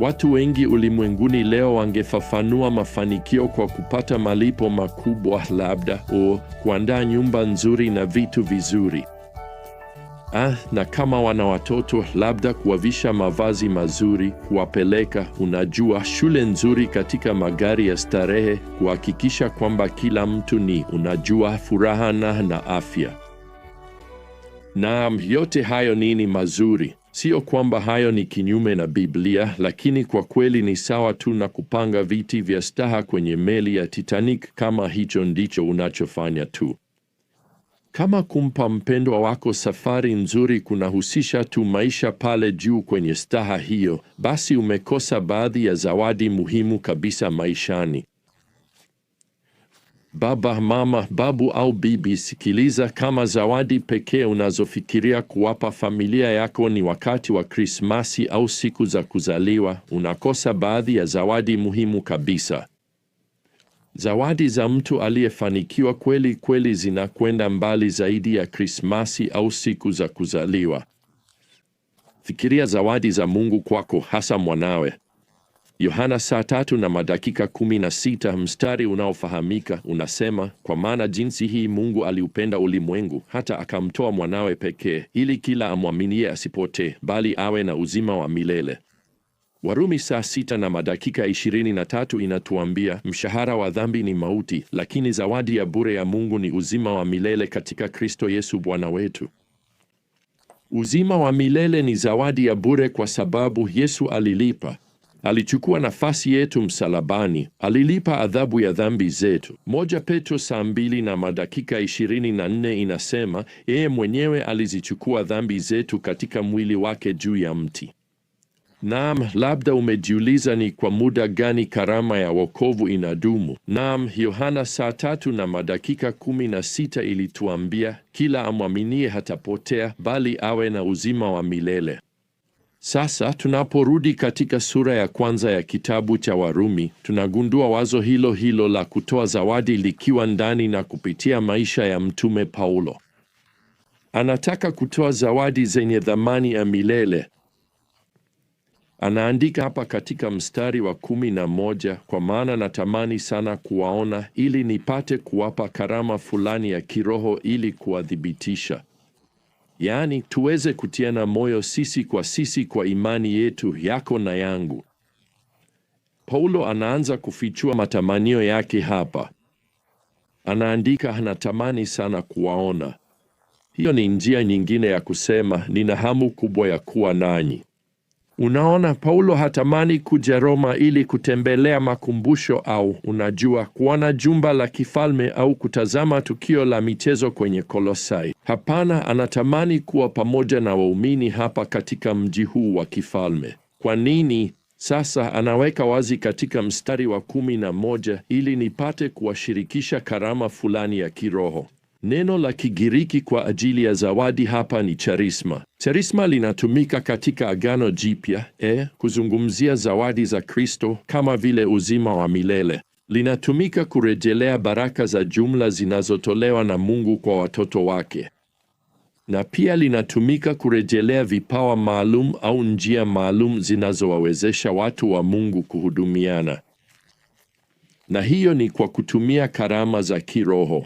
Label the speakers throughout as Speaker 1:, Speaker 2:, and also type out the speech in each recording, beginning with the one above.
Speaker 1: Watu wengi ulimwenguni leo wangefafanua mafanikio kwa kupata malipo makubwa, labda o kuandaa nyumba nzuri na vitu vizuri. Ah, na kama wana watoto labda kuwavisha mavazi mazuri, kuwapeleka unajua, shule nzuri, katika magari ya starehe, kuhakikisha kwamba kila mtu ni unajua, furaha na na afya. Naam, yote hayo nini mazuri. Sio kwamba hayo ni kinyume na Biblia, lakini kwa kweli ni sawa tu na kupanga viti vya staha kwenye meli ya Titanic kama hicho ndicho unachofanya tu. Kama kumpa mpendwa wako safari nzuri kunahusisha tu maisha pale juu kwenye staha hiyo, basi umekosa baadhi ya zawadi muhimu kabisa maishani baba, mama, babu au bibi, sikiliza, kama zawadi pekee unazofikiria kuwapa familia yako ni wakati wa Krismasi au siku za kuzaliwa, unakosa baadhi ya zawadi muhimu kabisa. Zawadi za mtu aliyefanikiwa kweli kweli zinakwenda mbali zaidi ya Krismasi au siku za kuzaliwa. Fikiria zawadi za Mungu kwako, hasa mwanawe. Yohana saa tatu na madakika kumi na sita mstari unaofahamika unasema, kwa maana jinsi hii Mungu aliupenda ulimwengu hata akamtoa mwanawe pekee, ili kila amwaminie asipotee, bali awe na uzima wa milele. Warumi saa sita na madakika ishirini na tatu inatuambia, mshahara wa dhambi ni mauti, lakini zawadi ya bure ya Mungu ni uzima wa milele katika Kristo Yesu Bwana wetu. Uzima wa milele ni zawadi ya bure kwa sababu Yesu alilipa alichukua nafasi yetu msalabani, alilipa adhabu ya dhambi zetu. Moja Petro saa mbili na madakika ishirini na nne inasema yeye mwenyewe alizichukua dhambi zetu katika mwili wake juu ya mti. Naam, labda umejiuliza ni kwa muda gani karama ya wokovu inadumu. Naam, Yohana saa tatu na madakika kumi na sita ilituambia kila amwaminie hatapotea, bali awe na uzima wa milele. Sasa tunaporudi katika sura ya kwanza ya kitabu cha Warumi, tunagundua wazo hilo hilo la kutoa zawadi likiwa ndani na kupitia maisha ya mtume Paulo. Anataka kutoa zawadi zenye dhamani ya milele. Anaandika hapa katika mstari wa kumi na moja, kwa maana natamani sana kuwaona ili nipate kuwapa karama fulani ya kiroho ili kuwathibitisha yaani tuweze kutiana moyo sisi kwa sisi kwa imani yetu yako na yangu. Paulo anaanza kufichua matamanio yake hapa. Anaandika, anatamani sana kuwaona. Hiyo ni njia nyingine ya kusema nina hamu kubwa ya kuwa nanyi. Unaona, Paulo hatamani kuja Roma ili kutembelea makumbusho au, unajua, kuona jumba la kifalme au kutazama tukio la michezo kwenye Kolosai. Hapana, anatamani kuwa pamoja na waumini hapa katika mji huu wa kifalme. Kwa nini? Sasa anaweka wazi katika mstari wa kumi na moja, ili nipate kuwashirikisha karama fulani ya kiroho Neno la Kigiriki kwa ajili ya zawadi hapa ni charisma. Charisma linatumika katika Agano Jipya e, kuzungumzia zawadi za Kristo kama vile uzima wa milele. Linatumika kurejelea baraka za jumla zinazotolewa na Mungu kwa watoto wake, na pia linatumika kurejelea vipawa maalum au njia maalum zinazowawezesha watu wa Mungu kuhudumiana, na hiyo ni kwa kutumia karama za kiroho.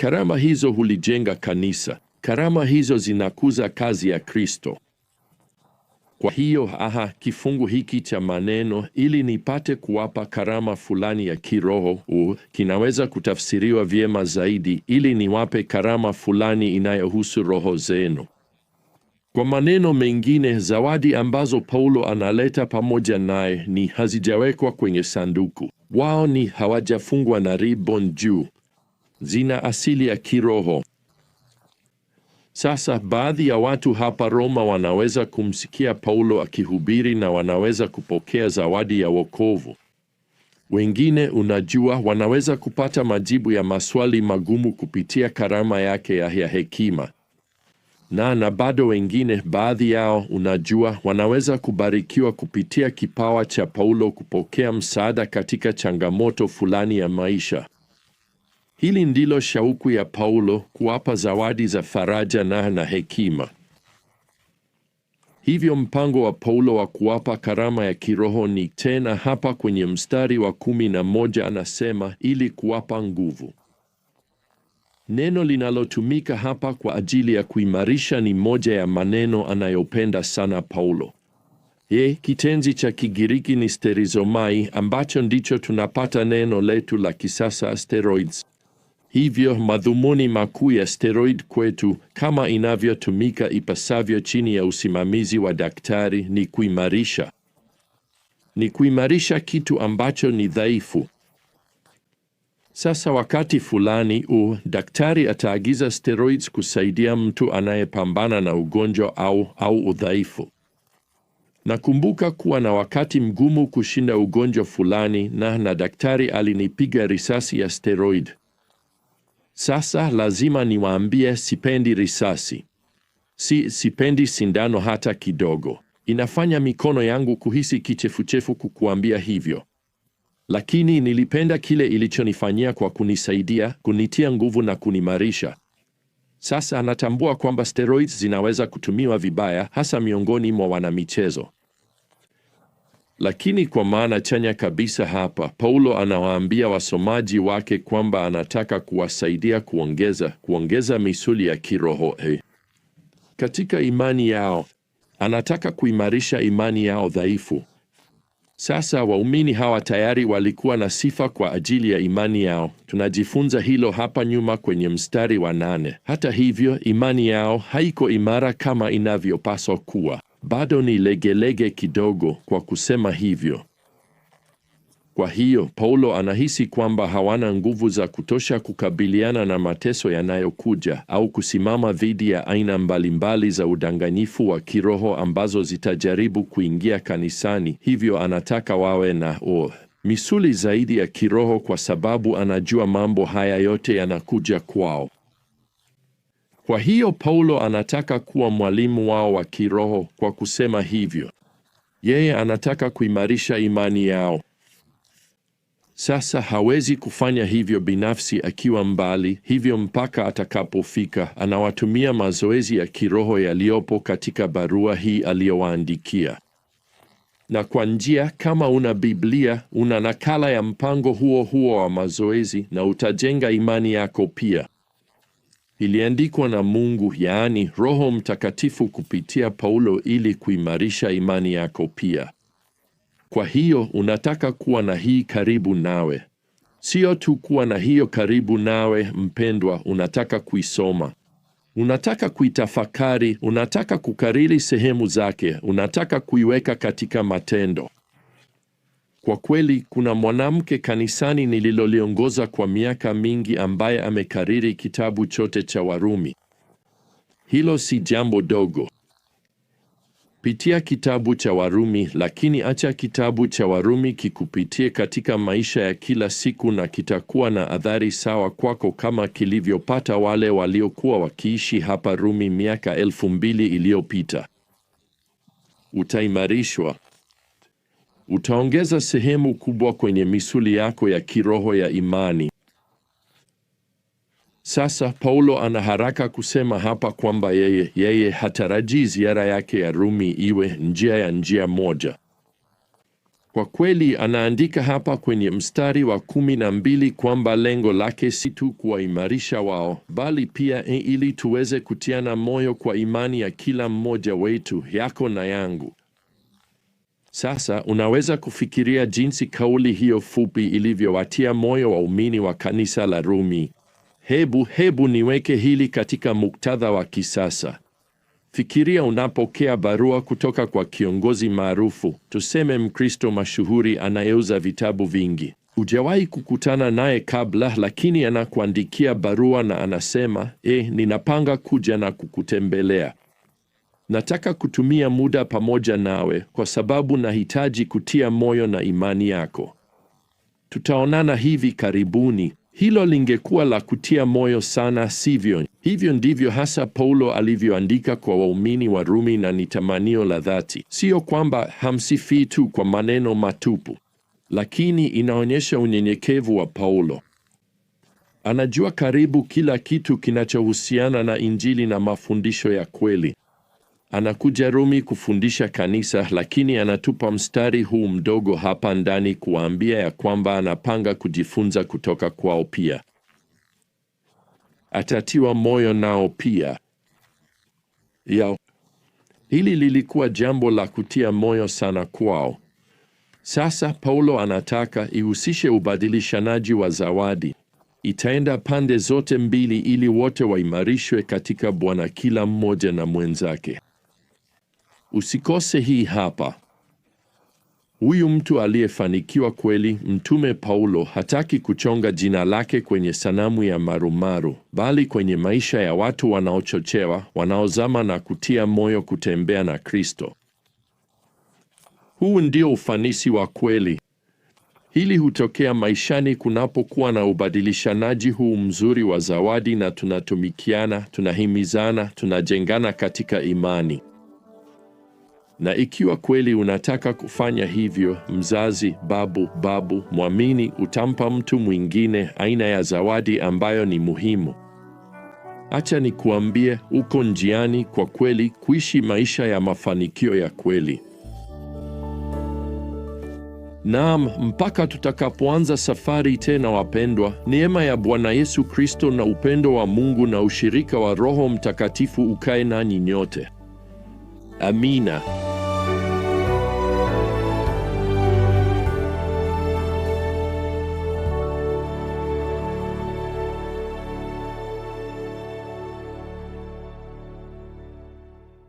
Speaker 1: Karama hizo hulijenga kanisa. Karama hizo zinakuza kazi ya Kristo. Kwa hiyo, aha, kifungu hiki cha maneno ili nipate kuwapa karama fulani ya kiroho u, kinaweza kutafsiriwa vyema zaidi, ili niwape karama fulani inayohusu roho zenu. Kwa maneno mengine, zawadi ambazo Paulo analeta pamoja naye ni hazijawekwa kwenye sanduku. Wao ni hawajafungwa na ribbon juu zina asili ya kiroho. Sasa baadhi ya watu hapa Roma wanaweza kumsikia Paulo akihubiri na wanaweza kupokea zawadi ya wokovu. Wengine, unajua, wanaweza kupata majibu ya maswali magumu kupitia karama yake ya ya hekima na na bado wengine, baadhi yao, unajua, wanaweza kubarikiwa kupitia kipawa cha Paulo kupokea msaada katika changamoto fulani ya maisha. Hili ndilo shauku ya Paulo kuwapa zawadi za faraja na na hekima. Hivyo mpango wa Paulo wa kuwapa karama ya kiroho ni tena hapa kwenye mstari wa kumi na moja anasema ili kuwapa nguvu. Neno linalotumika hapa kwa ajili ya kuimarisha ni moja ya maneno anayopenda sana Paulo. Ye, kitenzi cha Kigiriki ni sterizomai ambacho ndicho tunapata neno letu la kisasa steroids. Hivyo madhumuni makuu ya steroid kwetu, kama inavyotumika ipasavyo chini ya usimamizi wa daktari, ni kuimarisha ni kuimarisha kitu ambacho ni dhaifu. Sasa wakati fulani u daktari ataagiza steroids kusaidia mtu anayepambana na ugonjwa au au udhaifu. Nakumbuka kuwa na wakati mgumu kushinda ugonjwa fulani, na na daktari alinipiga risasi ya steroid sasa lazima niwaambie, sipendi risasi. Si, sipendi sindano hata kidogo. Inafanya mikono yangu kuhisi kichefuchefu kukuambia hivyo, lakini nilipenda kile ilichonifanyia kwa kunisaidia, kunitia nguvu na kunimarisha. Sasa anatambua kwamba steroids zinaweza kutumiwa vibaya, hasa miongoni mwa wanamichezo. Lakini kwa maana chanya kabisa hapa, Paulo anawaambia wasomaji wake kwamba anataka kuwasaidia kuongeza kuongeza misuli ya kiroho eh, katika imani yao. Anataka kuimarisha imani yao dhaifu. Sasa waumini hawa tayari walikuwa na sifa kwa ajili ya imani yao. Tunajifunza hilo hapa nyuma kwenye mstari wa nane. Hata hivyo, imani yao haiko imara kama inavyopaswa kuwa bado ni legelege kidogo kwa kusema hivyo. Kwa hiyo Paulo anahisi kwamba hawana nguvu za kutosha kukabiliana na mateso yanayokuja au kusimama dhidi ya aina mbalimbali za udanganyifu wa kiroho ambazo zitajaribu kuingia kanisani. Hivyo anataka wawe na oh, misuli zaidi ya kiroho kwa sababu anajua mambo haya yote yanakuja kwao. Kwa hiyo Paulo anataka kuwa mwalimu wao wa kiroho kwa kusema hivyo. Yeye anataka kuimarisha imani yao. Sasa hawezi kufanya hivyo binafsi akiwa mbali, hivyo mpaka atakapofika anawatumia mazoezi ya kiroho yaliyopo katika barua hii aliyowaandikia. Na kwa njia, kama una Biblia, una nakala ya mpango huo huo wa mazoezi na utajenga imani yako pia iliandikwa na Mungu, yaani Roho Mtakatifu kupitia Paulo ili kuimarisha imani yako pia. Kwa hiyo unataka kuwa na hii karibu nawe. Sio tu kuwa na hiyo karibu nawe, mpendwa, unataka kuisoma, unataka kuitafakari, unataka kukariri sehemu zake, unataka kuiweka katika matendo. Kwa kweli kuna mwanamke kanisani nililoliongoza kwa miaka mingi ambaye amekariri kitabu chote cha Warumi. Hilo si jambo dogo. Pitia kitabu cha Warumi, lakini acha kitabu cha Warumi kikupitie katika maisha ya kila siku, na kitakuwa na athari sawa kwako kama kilivyopata wale waliokuwa wakiishi hapa Rumi miaka elfu mbili iliyopita. Utaimarishwa utaongeza sehemu kubwa kwenye misuli yako ya kiroho ya imani. Sasa Paulo ana haraka kusema hapa kwamba yeye yeye hatarajii ziara yake ya Rumi iwe njia ya njia moja. Kwa kweli anaandika hapa kwenye mstari wa kumi na mbili kwamba lengo lake si tu kuwaimarisha wao, bali pia ili tuweze kutiana moyo kwa imani ya kila mmoja wetu, yako na yangu. Sasa unaweza kufikiria jinsi kauli hiyo fupi ilivyowatia moyo waumini wa kanisa la Rumi. Hebu hebu niweke hili katika muktadha wa kisasa. Fikiria unapokea barua kutoka kwa kiongozi maarufu, tuseme Mkristo mashuhuri anayeuza vitabu vingi. Hujawahi kukutana naye kabla, lakini anakuandikia barua na anasema, eh, ninapanga kuja na kukutembelea. Nataka kutumia muda pamoja nawe kwa sababu nahitaji kutia moyo na imani yako. Tutaonana hivi karibuni. Hilo lingekuwa la kutia moyo sana, sivyo? Hivyo ndivyo hasa Paulo alivyoandika kwa waumini wa Rumi, na ni tamanio la dhati, sio kwamba hamsifii tu kwa maneno matupu, lakini inaonyesha unyenyekevu wa Paulo. Anajua karibu kila kitu kinachohusiana na Injili na mafundisho ya kweli. Anakuja Rumi kufundisha kanisa, lakini anatupa mstari huu mdogo hapa ndani kuwaambia ya kwamba anapanga kujifunza kutoka kwao pia, atatiwa moyo nao pia yao. Hili lilikuwa jambo la kutia moyo sana kwao. Sasa Paulo anataka ihusishe ubadilishanaji wa zawadi, itaenda pande zote mbili, ili wote waimarishwe katika Bwana, kila mmoja na mwenzake. Usikose hii hapa. Huyu mtu aliyefanikiwa kweli, Mtume Paulo hataki kuchonga jina lake kwenye sanamu ya marumaru, bali kwenye maisha ya watu wanaochochewa, wanaozama na kutia moyo kutembea na Kristo. Huu ndio ufanisi wa kweli. Hili hutokea maishani kunapokuwa na ubadilishanaji huu mzuri wa zawadi, na tunatumikiana, tunahimizana, tunajengana katika imani. Na ikiwa kweli unataka kufanya hivyo, mzazi, babu, babu mwamini utampa mtu mwingine aina ya zawadi ambayo ni muhimu. Acha nikuambie, uko njiani kwa kweli kuishi maisha ya mafanikio ya kweli. Naam, mpaka tutakapoanza safari tena wapendwa, neema ya Bwana Yesu Kristo na upendo wa Mungu na ushirika wa Roho Mtakatifu ukae nanyi nyote. Amina.